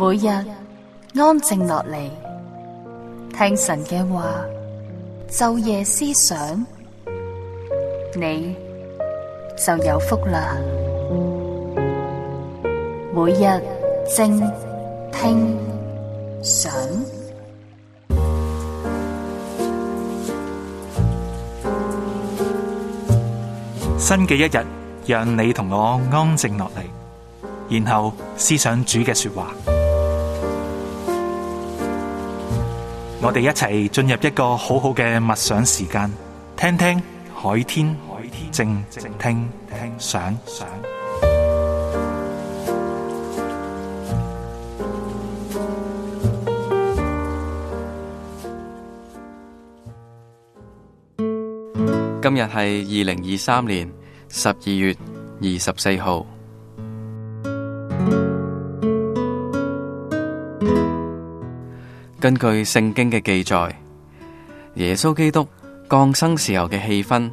每日安靜落嚟，聽神嘅話，晝夜思想，你就有福啦。每日靜聽想，新嘅一日，讓你同我安靜落嚟，然後思想主嘅說話。我哋一齊進入一個好好嘅默想時間，聽聽海天靜聽想。今日係二零二三年十二月二十四號。根據聖經嘅記載，耶穌基督降生時候嘅氣氛，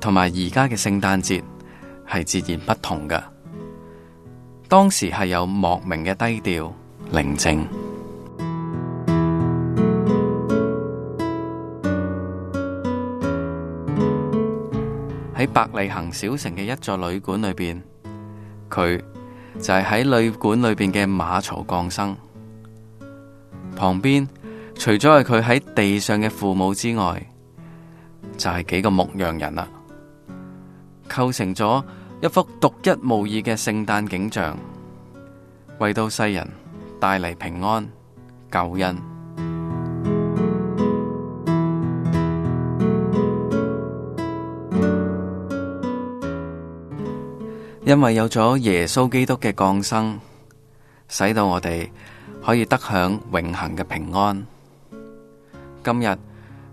同埋而家嘅聖誕節係截然不同嘅。當時係有莫名嘅低調寧靜。喺伯利恆小城嘅一座旅館裏邊，佢就係喺旅館裏邊嘅馬槽降生。旁邊除咗係佢喺地上嘅父母之外，就係幾個牧羊人啦，構成咗一幅獨一無二嘅聖誕景象，為到世人帶嚟平安、救恩。因為有咗耶穌基督嘅降生，使到我哋。可以得享永恆嘅平安。今日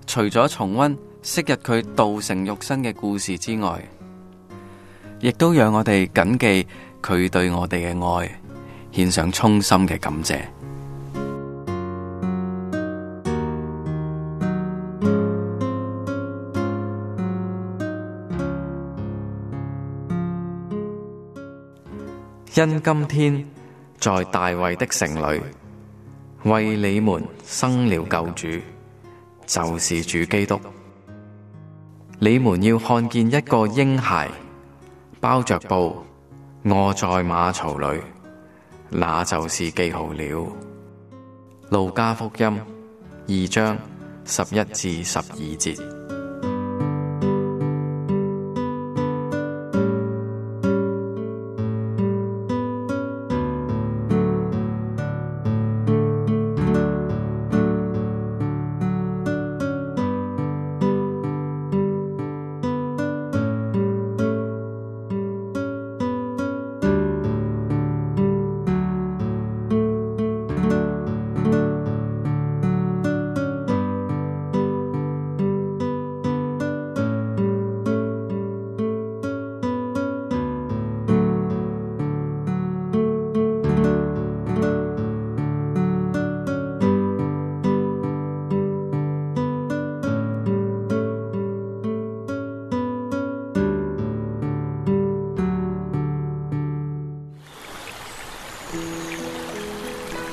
除咗重溫昔日佢道成肉身嘅故事之外，亦都讓我哋謹記佢對我哋嘅愛，獻上衷心嘅感謝。因今天在大衛的城裏。為你們生了救主，就是主基督。你們要看見一個嬰孩包着布臥在馬槽裏，那就是記號了。路加福音二章十一至十二節。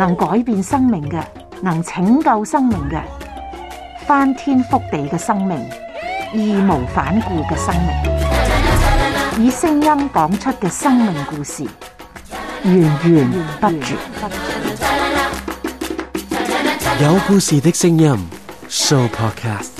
能改變生命嘅，能拯救生命嘅，翻天覆地嘅生命，義無反顧嘅生命，以聲音講出嘅生命故事，源源不絕。有故事的聲音 Sooo Podcast。